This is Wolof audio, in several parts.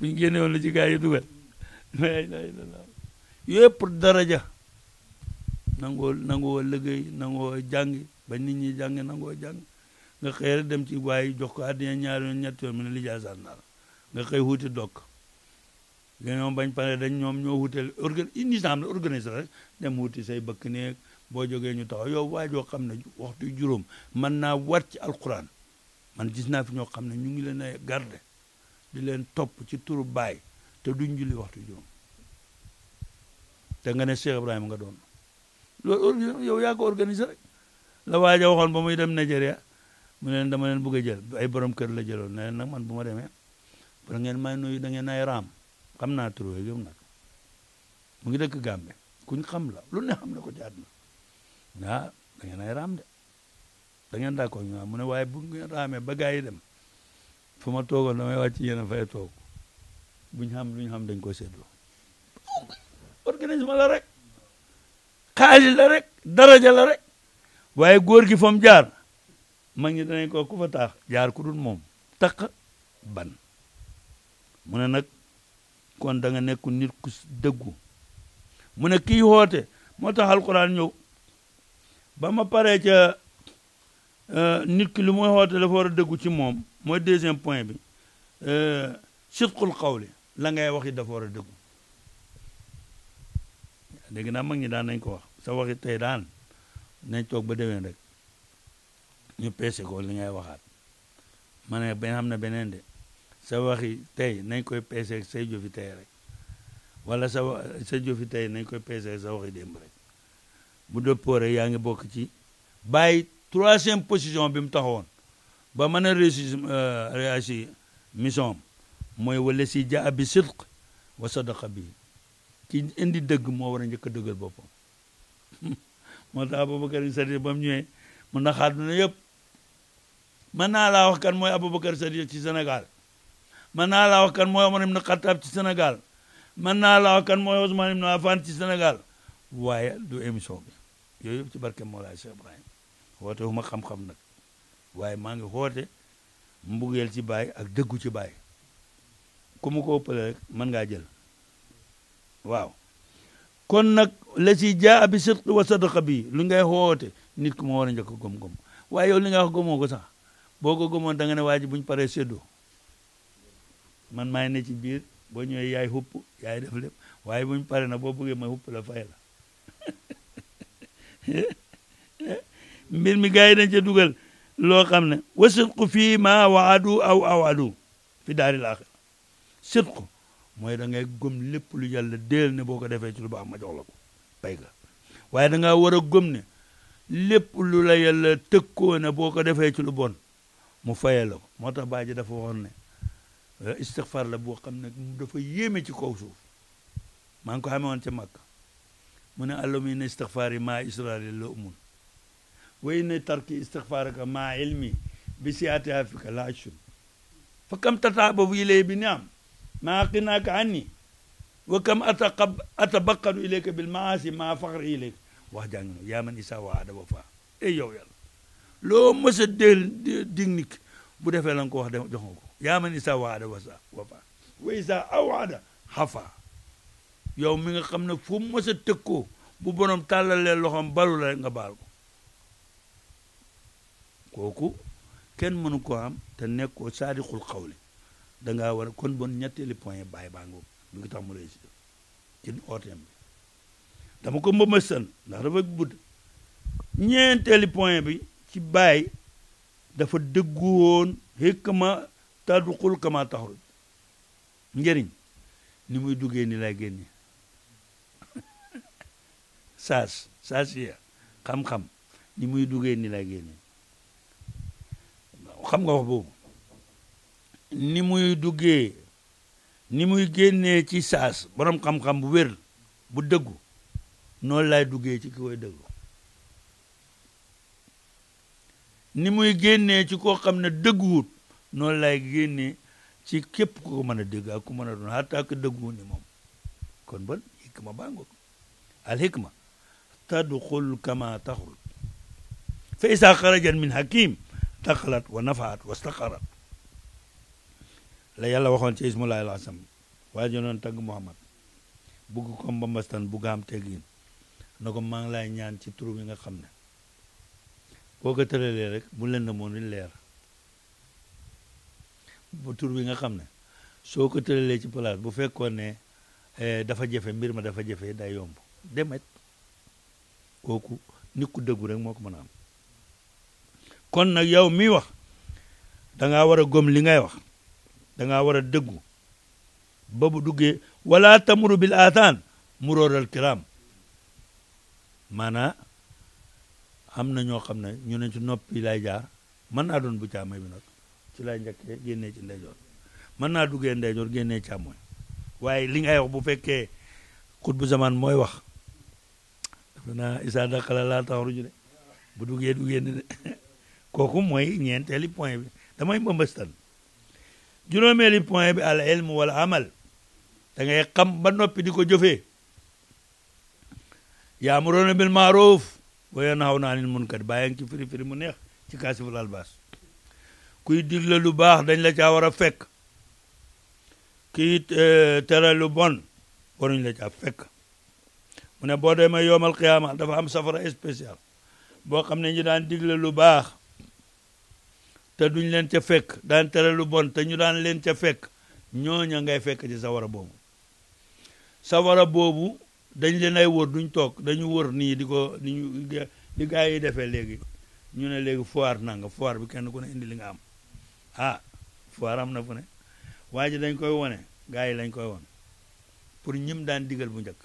bu ñu génne woon la ci gaa yi dugal la ilaha daraja nangoo nangoo liggéey nangoo jàngi ba nit ñi jàngi nangoo jàng nga xëy rek dem ci waaye jox ko àddina ñaar yoon ñett yoon mu ne li jaasaan naa la nga xëy wuti dokk nga ñoom bañ pare dañ ñoom ñoo wutel organ nisam la organiser rek dem wuti say bëkk neeg boo jógee ñu taxaw yow waa joo xam ne waxtu juróom man naa wat ci alquran man gis naa ñoo xam ne ñu ngi leen a garde di leen topp ci turu baay te duñ julli waxtu juróom te nga ne Cheikh Ibrahima nga doon loolu yow yaa ko organisé rek la waaja waxoon ba muy dem Nigeria mu leen dama leen bëgg a jël ay borom kër la jëloon ne leen nag man bu ma demee ba ngeen ma nuyu da ngeen ay raam xam na turu yooyu yëpp nag mu ngi dëkk Gàmbe kuñ xam la lu ne xam la ko ci àdduna ah da ay raam de da ngeen d'accord ñu mu ne waaye bu ngeen ba gaa yi dem fu ma toogoon damay wàcc yéen a fay toog bu ñu xam lu ñu xam dañ ko seetloo organisme la rek xaalis la rek daraja la rek waaye góor gi fa mu jaar mag ñi danañ ko ku fa taax jaar ku dul moom taq ban mu ne nag kon danga nga nit ku dëggu mu ne kii xoote moo tax alquran ñëw ba ma paree ca euh, nit ki lu muy xoote dafa war a dëggu ci moom mooy deuxième point bi euh, sidqul qawli la ngay wax it dafa war a dëggu dégg naa mag ñi daan nañ ko wax sa waxi tey daan nañ toog ba déwén rek ñu peese ko li ngay waxaat ma ne benn xam beneen de sa waxi tey nañ koy peese say jëfi tey rek wala sa sa tey nañ koy peese sa waxi démb rek bu dëppoo yaa ngi bokk ci bàyyi troisième position bi mu taxawoon ba mën a réussir euh, mission mooy wala si jaa bi sidq wa sadaqa bi ki indi dëgg moo war a njëkk a dëggal boppam moo tax Aboubacar Sadiq ba mu na xaar ne yëpp mën na laa wax kan mooy Aboubacar Sadiq ci Sénégal mën naa laa wax kan mooy Omar ibn Khattab ci senegal mën naa laa wax kan mooy Ousmane ibn Affan ci senegal waaye du émission bi yooyu yëpp ci barke Mawlaay Cheikh Ibrahim woote wu ma xam-xam nag waaye maa ngi xoote mbugeel ci baay ak dëggu ci baay ku ko ëppale rek mën ngaa jël waaw kon nag la ci jaa bi sidq wa sadaqa bi lu ngay xoote nit ku ma war a njëkk gom-gom waaye yow li ko sax boo ko gomoon da nga ne waa ji buñ paree séddoo man maay ne ci biir boo ñëwee yaay xupp yaay def lépp waaye buñ pare na boo bëggee ma xupp la fay mbir mi gars yi dañ dugal loo xam ne wa sidqu fii ma waadu aw awadu fi daaril axira sidqu mooy da ngay gëm lépp lu yàlla déel ne boo ko defee ci lu baax ma la ko bay ga waaye da ngaa war a gëm ne lépp lu la yàlla tëkkoo ne boo ko defee ci lu mu fayee la moo tax baa ji dafa waxoon ne eh, istixfar la boo xam ne dafa yéeme ci kaw suuf maa ngi ko xamee ci ca Makka mu ne àlla muy ne istixfar yi ma israel la umun wa inna tarki istigfaraka ma bi siati afika la ashun fa kam tataababu ilay bi niam ma qinaaka anni wa kam ataqab atabaqanu ilayka bil maasi ma faxri wax jàng yaa man isa bu defee la ko wax ada wa wa fa wa isa awada yow mi nga xam ne fu mës a tëkkoo bu borom tàllalee loxoom balu la nga baal ko kooku kenn mënu ko am te nekkoo saadixul xawli da danga war kon bon ñetteeli point bàyyi baa ngoog lu ngi tax mu réussir ci ooteem bi dama ko mbëmbëstan ndax dafa budd ñeenteeli point bi ci baay dafa dëggu woon hikma taduqul kama taxruj njëriñ ni muy duggee ni lay génne saas saas ya xam-xam ni muy duggee ni lay génne xam nga wax boobu ni muy duggee ni muy génnee ci saas borom xam-xam bu wér bu dëggu noonu lay duggee ci ki koy dëggu ni muy génnee ci koo xam ne dëgguwut noonu laay génnee ci képp ku ko mën a dégg ak ku mën a doon hatta que dëgguwut ni moom kon bon hikma baa ngoog al hikma kama taxul fa isa xarajat min hakim daxalat wa nafaat wa staqarat la yàlla waxoon ci ismulaay lasam waaye jonoon tagg Muhammad bugg ko mbambastan bugg am teggin na ko maa ngi lay ñaan ci turu bi nga xam ne boo ko tëralee rek bu leen demoon ni leer bu tur bi nga xam ne soo ko tëralee ci place bu fekkoon ne eh, dafa jafe mbir ma dafa jafe day yomb demet kooku nit ku dëggu rek moo ko mën a am kon nag yow miy wax dangaa war a gom li ngay wax dangaa war a dëggu ba bu dugge wala tamuru bil aataan muróoral kiraam maanaa am na ñoo xam ne ñu ne ci noppi lay jaar mën na doon bu caamay bi nag ci lay njëkkee génnee ci ndeyjoor mën naa duggee ndeyjoor génnee càmmooñ waaye li ngay wax bu fekkee xut bu zaman mooy wax dafa naa isaa daqala laa taxaruju de bu dugge duggee ne de kooku mooy ñeenteeli point bi damay mbambastan juróomeeli point bi al ilm wala amal da ngay xam ba noppi di ko jëfee yaamuroona bil maaruf wa yanhawna anil munkar munkat ngi ci firi firi mu neex ci kaasiful albas kuy digle lu baax dañ la caa war a fekk kuy e, tere lu bon waruñ la caa fekk mu ne boo demee yoomal qiyaama dafa am safara spécial boo xam ne ñu daan digle lu baax te duñ leen ca fekk daan tere lu bon te ñu daan leen ca fekk ñooña ngay fekk ci sawara boobu sawara boobu dañ leen ay wër duñ toog dañu wër nii di ko di ñu di gars yi defee léegi ñu ne léegi foire nanga foire bi kenn ku ne indi li nga am ah foire am na fu ne waa ji dañ koy wone gars yi lañ koy won pour ñim daan digal bu njëkk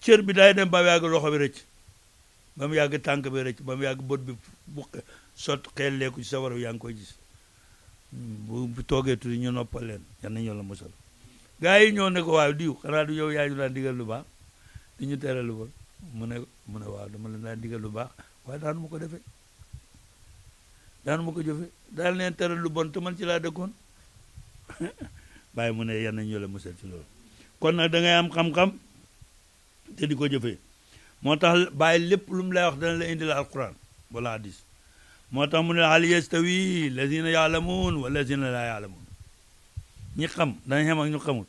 cër bi day dem ba mu yàgg loxo bi ba mu yàgg tànk bi rëcc ba mu yàgg bët bi sot xelleeku ci sawara yaa ngi koy gis bu toogee tuuti ñu noppal leen yan nañu la mosal gars yi ñoo ne ko waaw diw xanaa du yow yaa ñu daan digal lu baax di ñu tere lu bon mu ne mu ne waaw dama leen daan digal lu baax waaye daan mu ko defe daan mu ko jëfee daal leen tere lu bon te ci laa dëkkoon bàyyi mu ne yan nañu la mosal ci loolu kon nag da ngay am xam te di ko jëfee moo tax bàyyi lépp lu mu lay wax dana la indil alquran wala hadis moo tax mu ne hal yastawi lazina yaalamuun wa lazina laa yaalamuun ñi xam dana xem ak ñu xamul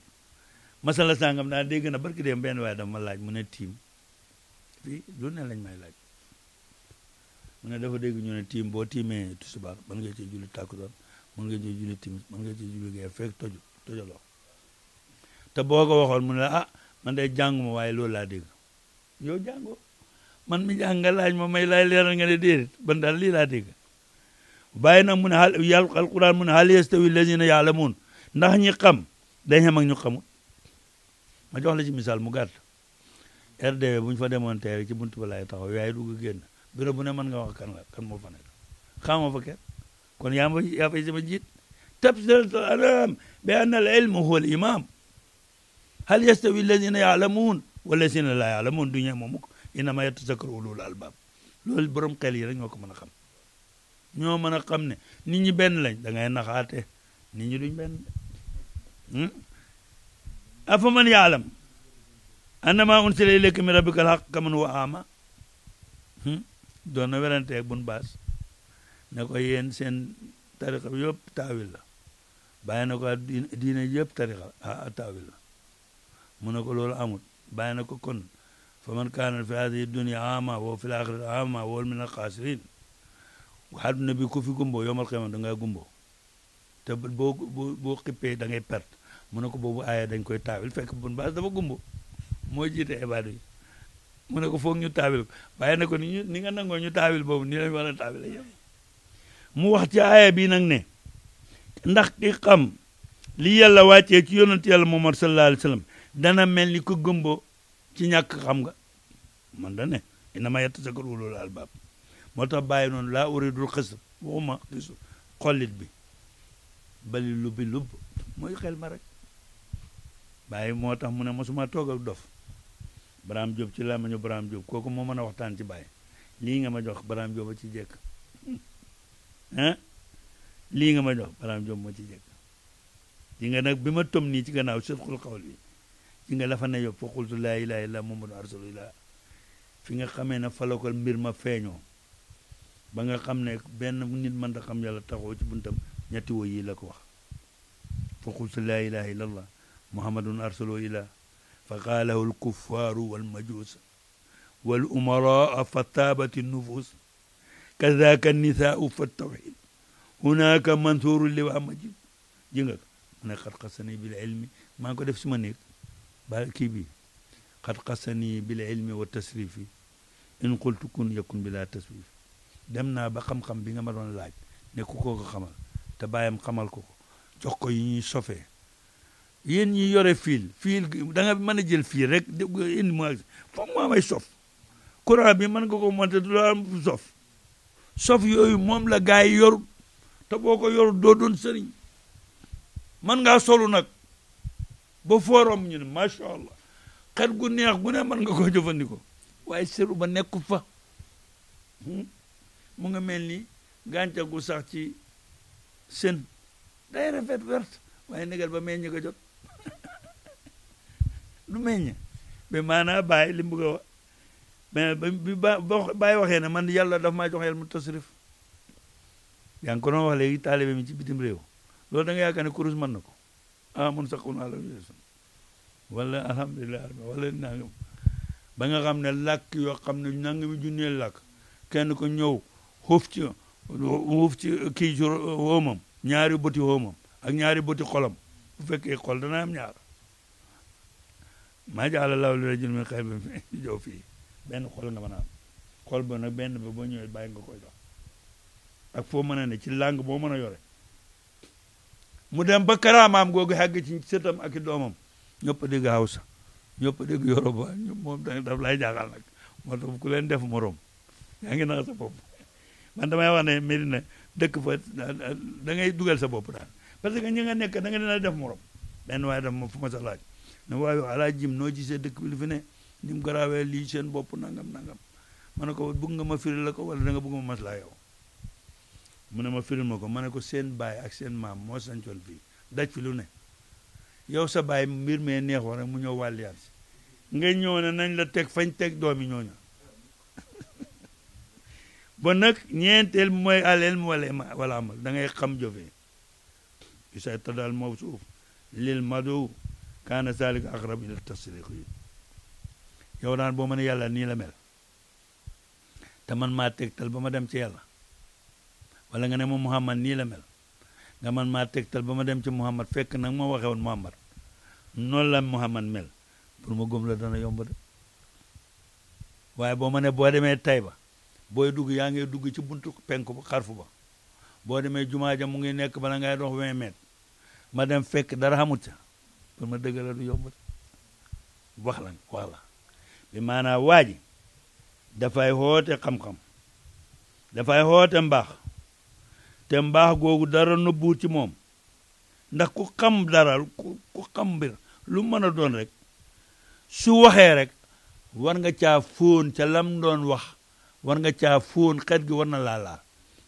masala sàngam daa dégg na barki dem benn waaye dama laaj mu ne tiim fii lu ne lañ may laaj mu ne dafa dégg ñu ne tiim boo tiimee tusubaar mën nga ci julli tàkkudoon mën ga ci julli timis mën nga ci julli gee fekk toju tojaloo te boo ko waxoon mu ne la ah man day jànguma waaye loolu laa dégg yow jàngoo man mi jàng nga laaj ma may ban daal lii laa dégg bàyyi nag mu ne al yàlla alquran mu ne hal yastawi lazina yaalamuun ndax ñi xam day xam ak ñu ma jox la ci misaal mu gàtt RDW bu ñu fa demoon tey ci buntu ba laay taxaw yaay dugg génn bureau bu ne mën nga wax kan la kan moo fa nekk xamoo kon yaa ma yaa fay sama jiit anam bi anna al ilmu huwa al imam hal yastawi allazina yaalamuun wallazina laa du ñee moom innama yatazakkaru ulul albab loolu borom xel yi rek ñoo ko mën a xam ñoo mën a xam ne nit ñi benn lañ da ngay naxaate nit ñi duñ benn hmm? afa man yaalam annama unsila ilayka min rabbika alhaq kaman wa ama hmm? doon na werante ak bun baas ne ko yéen seen tarixa bi yëpp taawil la bàyyi na ko diina yëpp tarixa a ah, taawil la mu ne ko loolu amul bàyyi na ko kon fa man kaana fi hadihi dunia ama wa fi laxirati ama wal min alxaasirin àdduna bi ku fi gumbo yomal xiyama da ngaa gumbo te boo boo xippee da ngay perte mu ne ko boobu aaya dañ koy taawil fekk bun baas dafa gumbo mu ne ko foog ñu taawil waaye ne ko ni ñu nangoo ñu taawil boobu nii lañ mu wax ci aaya bi nag ne ndax ki xam li yàlla wàccee ci yonent yàlla Muhammad sallallahu alayhi wa sallam dana mel ni ku gumbo ci ñàkk xam nga man da ne innama yatazakkaru ulul albaab moo tax bàyyi noonu laa uridul xisr waxuma xisr xollit bi bali lubbi lubb mooy xel ma rek bàyyi moo tax mu ne mosuma toog ak dof Baraam Jóob ci làmmiñu Baraam Jóob kooku moo mën a waxtaan ci baay lii nga ma jox Baraam Jóob ci jekk ah lii nga ma jox Baraam Jóob ma ci jekk di nga nag bi ma tom nii ci gannaaw sëfxul xawl bi di nga lafa ne yob fa qultu laa ilaaha illa muhammadu rasulullah fi nga xamee ne falakal mbir ma feeñoo ba nga xam ne benn nit mën ta xam yàlla taxaw ci buntam ñetti woy yi la ko wax fa qultu laa ilaha illa allah muhammadun arsalu ila fa qaalahu alkuffaaru walmajuus walumaraa fa taabat nufus kadaaka nisaau fa tawxid hunaaka mansuuru liwaa majid ji nga mu ne xat xasani bil ilmi maa ngi ko def suma néeg ba kii bi xat xasani bil ilmi wa tasrifi in qultu kun yakun bi taswif dem naa ba xam-xam bi nga ma doon laaj ne ku ko ko xamal te bàyyam xamal ko ko jox ko yi ñuy sofee yéen ñi yore fiil fiil da nga mën a jël fiil rek indi mu foog moo may sof courant bi mën nga ko monter du la am sof sof yooyu moom la gars yi yor te boo ko yor doo doon sëriñ mën ngaa solu nag ba forom ñu ne macha allah xet gu neex gu ne mën nga ko jëfandikoo waaye seru ba nekku fa hmm? mu nga mel ni gàncax gu sax ci sën day rafet verte waaye negal ba meññ ko jot du meññ mais maanaa bàyyi li mu bëgg a wax mais bi ba bàyyi waxee ne man yàlla daf maa jox mu tasrif yaa ngi ko doon wax léegi taalibe mi ci bitim réew loolu da nga yaakaar ne kurus man na ko ah mun saqun ala wala alhamdulilah wala nangam banga nga xam ne làkk yoo xam ne nangami junnee làkk kenn ku ñëw xoof ci xoof ci kii ci hoomam ñaari boti ak ñaari boti xolam bu fekkee xol dana am ñaar maa jaala laaw li rajul min qalbin fi jow fii benn xol nga mën a am xol ba nag benn ba boo ñëwee bàyyi nga koy dox ak foo mën a ne ci langue boo mën a yore mu dem ba karaamaam googu xàgg ci sëtam ak i doomam ñëpp dégg hawsa ñëpp dégg yoroba moom daf a jaaxal nag moo tax ku leen def morom yaa ngi nax sa bopp man damay wax ne Medina dëkk fa da ngay dugal sa bopp daal parce que ñi nga nekk da nga dina def morom benn waaye daf ma fu ma sa laaj ne waaye alaa jim noo gisee dëkk bi li fi ne ni mu garaawee lii seen bopp nangam nangam ma ne ko bëgg ma firil la ko wala danga nga bëgg ma maslaa yow mu ne ma firil ma ko ma ne ko seen baay ak seen maam moo sancoon fii daj fi lu ne yow sa baay mbir mee neexoo rek mu ñëw wàlliyaan si nga ñëw ne nañ la teg fañ teg doomi ñooñu bon nag ñeenteel mooy aleel mu wala amal da ngay xam jëfee isa tadal maw suuf lil mado kaana salik aqrab ila tasriq yi yow daan boo mën a yàlla nii la mel te man maa tegtal ba ma dem ci yàlla walla nga ne moom Muhammad nii la mel nga man maa tegtal ba ma dem ci Muhammad fekk nag ma waxe woon Muhammad noonu la Muhammad mel pour ma gëm la dana yomb de waaye boo ma ne boo demee ba booy dugg yaa ngi dugg ci buntu penk ba xarfu ba boo demee jumaa ja mu ngi nekk bala ngay dox 20 mètres ma dem fekk dara xamut ca pour ma dëgg la du yomb de wax la wax bi maanaam waa ji dafay xoote xam-xam dafay xoote mbaax te mbaax googu dara nëbbuur ci moom ndax ku xam dara ku xam mbir lu mën a doon rek su waxee rek war nga caa fóon ca lam doon wax war nga caa foon xet gi war na laa laal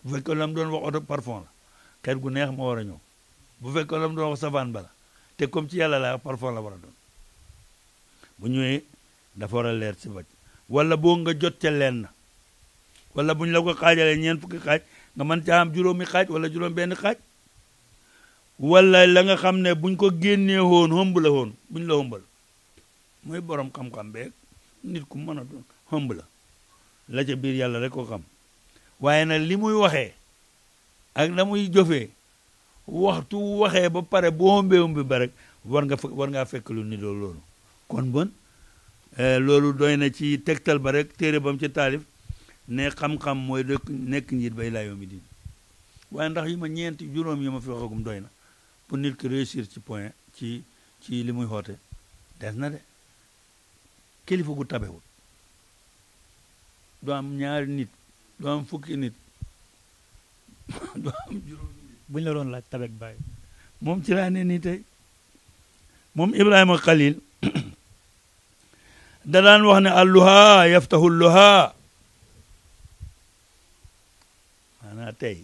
bu fekkee lam doon wax eau parfum la xet gu neex moo war a ñëw bu fekkee lam doon wax savane bala te comme ci yàlla laa parfum la war a doon bu ñëwee dafa war a leer ci baj walla boo nga jot ca na wala bu ñu la ko xaajalee ñeent fukki xaaj nga mën caa am juróomi xaaj wala juróom benn xaaj wala la nga xam ne buñ ko génnee woon homb la woon buñ la hombal mooy borom xam-xam beeg nit ku mën a doon homb la ca biir yàlla rek ko xam waaye nag li muy waxee ak la muy jofee waxtu waxee ba pare boo hombee hombi ba rek war nga war ngaa fekk lu ni loolu kon bon eh, loolu doy na ci tegtal ba rek téere bam ci taalif ne xam-xam mooy dëkk nekk njiit bay laayoo mi din waaye ndax yi ma ñeenti juróom yi ma fi waxagum doy na pour nit ki réussir ci point ci ci li muy xoote des na de kilifa gu tabewul doo am ñaari nit doo fukki nit doo juróom bu ñu la doon laaj tabek bàyyi moom ci laa ne nii tey moom Ibrahima Khalil wax ne alluha yaftahu alluha maanaam tey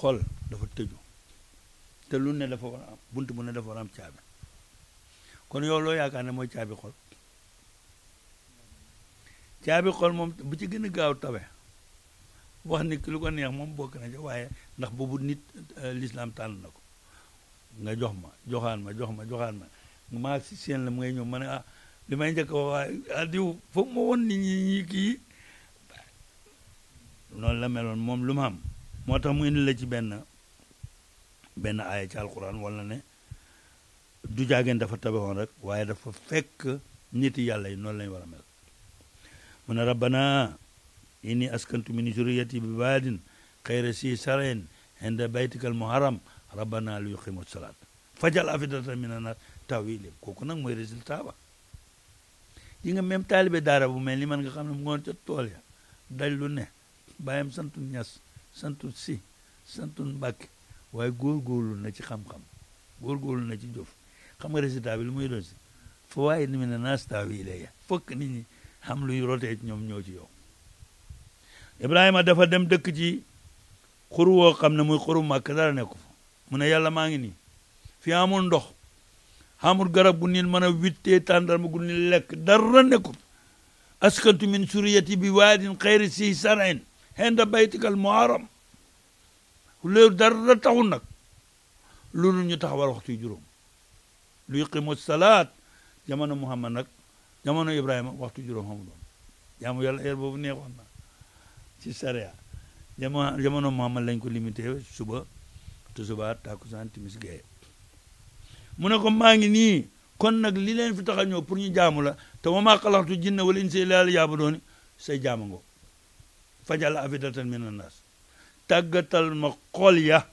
xol dafa tëju te lu ne dafa war bunt bu ne dafa war a caabi kon yow loo yaakaar ne mooy caabi xol caabi xol moom bu ci gën a gaaw tawe wax ni ki lu ko neex moom bokk na ci waaye ndax boobu nit euh, lislaam tànn na ko nga jox ma joxaan ma jox ma joxaan ma maa si seen la mu ngay ñëw ma ne ah li may njëkk wax waaye adiw ah, foog ma woon ñi ñi kii noonu la meloon moom lu ma am moo tax mu indi la ci benn benn aaya ci alquran wala ne du jaageen dafa tabaxoon rek waaye dafa fekk nit yàlla yi noonu la war a mel mu ne rabbana inni askantu min zurriyati bi baadin xayra si sarayen inda baytikal muharram rabbana li yuqimu salaat fajal afidatan mina nas tawi ilayhim kooku nag mooy résultat ba yi nga même taalibe daara bu mel ni man nga xam ne mu ngoon ca tool daj lu ne baayam santu ñas santu si santu mbàkke waaye góorgóorlu na ci xam-xam góorgóorlu na ci jëf xam nga résultat bi lu muy doon si fa waaye ni mu ne naastaw yi laya fokk nit ñi xam luy rotee ci ñoom ñoo ci yow ibrahima dafa dem dëkk ci xur woo xam ne muy xuru màkk dara nekku fa mu ne yàlla maa ngi nii fi amul ndox amul garab gu nit mën a wittee tàndarma gu nit lekk dara nekku askantu min suriyati bi waadin xayri si sarain xenda baytikal muharram léeru dara taxul nag loolu ñu taxawal waxtu yu juróom lu yuqimu salaat jamono muhammad nag jamono ibrahima waxtu juróom xamu doon jaamu yàlla heure boobu neexoon na ci sariya jamono muhammad lañ ko limité suba tusubaar takusaan timis gaye mu ne ko maa ngi nii kon nag li leen fi tax a ñëw pour ñu jaamu la te wa maa xalaxtu jinna wala insa illa se say jaamango fajal afidatan min annaas tàggatal ma xol ya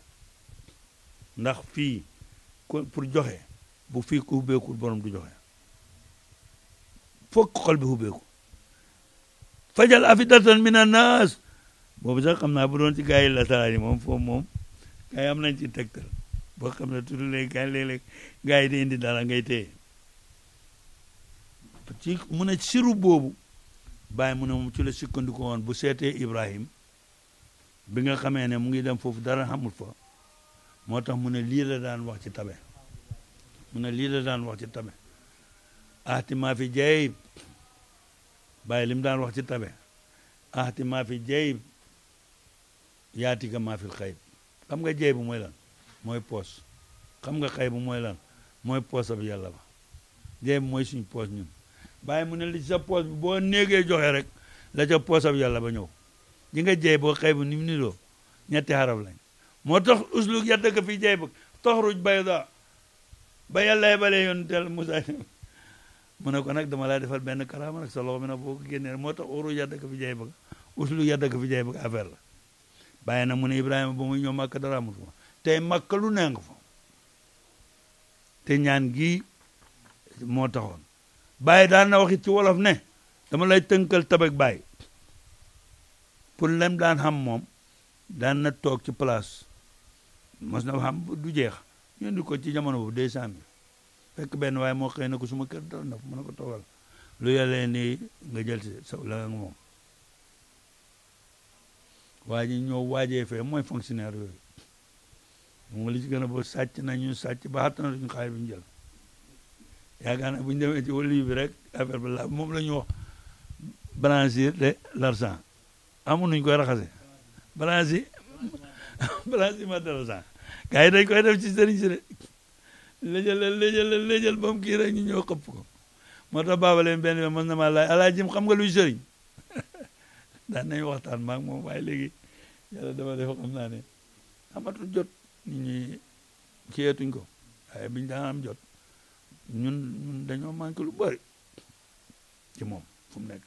ndax fii pour joxe bu fi ku hubbeekul borom du joxe fokk xol bi hubbeeku fajal afidatan min annaas boobu sax xam naa bu doon ci gars yi la salaani moom foofu moom gars am nañ ci tegtal boo xam ne tudd léegi gars di indi dara ngay téye ci mu ne siru boobu bàyyi mu ne moom ci la sukkandiku woon bu seetee Ibrahim bi nga xamee ne mu ngi dem foofu dara xamul fo moo tax mu ne lii la daan wax ci tabe mu ne lii la daan wax ci tabe ahti maa fi jayib bàyyi li daan wax ci tabe ahti maa fi jayib yaatika maa fi xayib xam nga jayib mooy lan mooy poos xam nga xayib mooy lan mooy poos ab yàlla ba jayib mooy suñ poos ñun bàyyi mu ne li sa poos bi boo néegee joxe rek la ca poosab yàlla ba ñëw di nga jeey boo xëy bu ni mu niroo ñetti xaraf lañ moo tax uslug ya dëkk fi jeey ba toxruj bayda ba yàlla balee yoon tel Musa mu ne ko nag dama laa defal benn karaama nag sa loxo mi nag boo ko génnee moo tax uruj ya dëkk fi jeey ba uslug ya dëkk fi jeey ba affaire la bàyyi na mu ne Ibrahima ba muy ñëw màkk dara amul fa tey màkk lu ne nga te ñaan gi moo taxoon bàyyi daan na waxit ci wolof ne dama lay tënkal tabak baay pour lem daan xam moom daan na toog ci place mos na xam du jeex ñu indi ko ci jamono boobu deux cent fekk benn waaye moo xëy na ko suma kër dal na mën na ko toogal lu yàlla ni nga jël si nga moom waa ji ñoo waajee fee mooy fonctionnaire yi moom li ci gën a ba sàcc nañu sàcc ba xattana duñu xaalis bi ñu jël yaakaar naa bu ñu demee ci wàllu bi rek affaire bi la moom la ñu wax blanchir de l'argent amu nuñ koy raxase blanchi blanchiment de l'argent gars yi dañ koy def ci sëriñ si de léjal léjal léjal ba mu kii rek ko moo tax baaba leen benn yoon mën na maa laaj alaa jim xam nga luy sëriñ daan nañ waxtaan maak moom waaye léegi yàlla dama def xam naa ne amatul jot nit ñi kiyeetuñ ko waaye biñu daan am jot ñun ñun dañoo manqué lu bëri ci moom fu nekk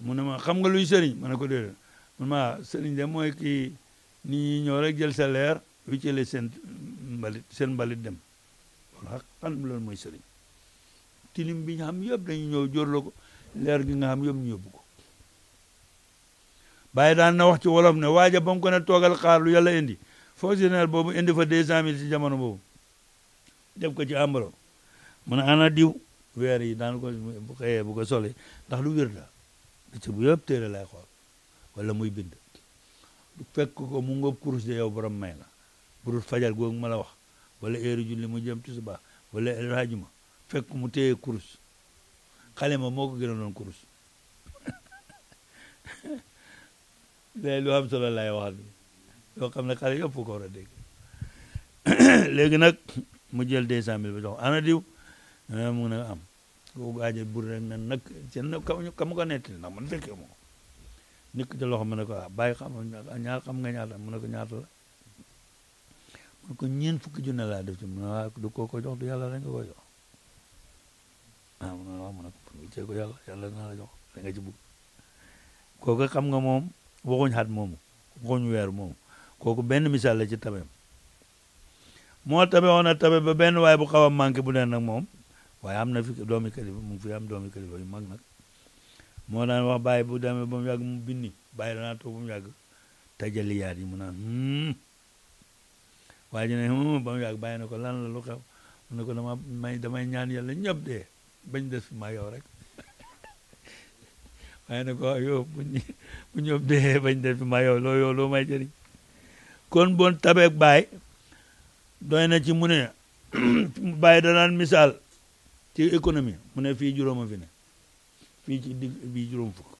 mu ne ma xam nga luy sëriñ ma ne ko déedéet man ma ah, sëriñ de mooy kii ni ñi ñëw rek jël sa leer wicceele seen mbalit seen mbalit dem loolu xaq xam loolu mooy sëriñ tilim bi ñu xam yëpp dañu ñëw jóorloo leer gi nga xam yëpp ñu yóbbu ko bàyyi daan na wax ci wolof ne waaja ba mu ko ne toogal xaar lu yàlla indi fonctionnaire boobu indi fa deux cent mille si jamono boobu def ko ci ambalo mu ne ana diw weer yi daan ko bu xëyee bu ko soli ndax du wér da lay xool wala muy bind fekk ko mu ngóob kurus de yow borom may la burul fajal googu ma la wax wala heure julli mu jëm tisbaar wala rajuma fekk mu téye kurus xale ma moo ko gënoon doon kurus léegi lu am solo lay wax yoo xam ne xale yëpp ko war a dégg léegi nag mu jël deux cent mille bi ana diw na mu ne am kooku aajo bur rek ne kam seen ka mu ko nettali ndax man fekkee ma ko nit ki de loxo mu ne ko ah bàyyi xam ñaar xam nga ñaata mu ne ko ñaata la mu ne ko ñeent fukki junne laa def ci mu ne waa ah, du koo ko jox du yàlla rek nga ko jox ah mu ne waaw ah, mu ne ko cee ko yàlla yàlla naa la jox da nga ci bugg kooku xam nga moom waxuñ xat moomu waxuñ weer moomu kooku benn misaal la ci tameem moo tabe woon a tabe ba benn waaye bu xaw a manqué bu neen nag moom waaye am na fi doomi kalifa mu ngi fi am doomi kalifa yu mag nag moo daan wax bàyyi bu demee ba mu mu binni bàyyi danaa toog ba mu yàgg tajaliyaat yi mu naan hmm. waaye ji ne hmm, ba mu yàgg bàyyi na ko lan la lu xew mu ko dama may damay ñaan yàlla ñëpp bañ des fi rek waaye ne ko yow bu ñëpp dee bañ des fi ma yow loo yow loo may jëriñ kon bon tabeek bàyyi doy na ci mu ne bàyyi danaan misaal ci économie mu ne fii juróoma fi ne fii ci digg bii juróom fukk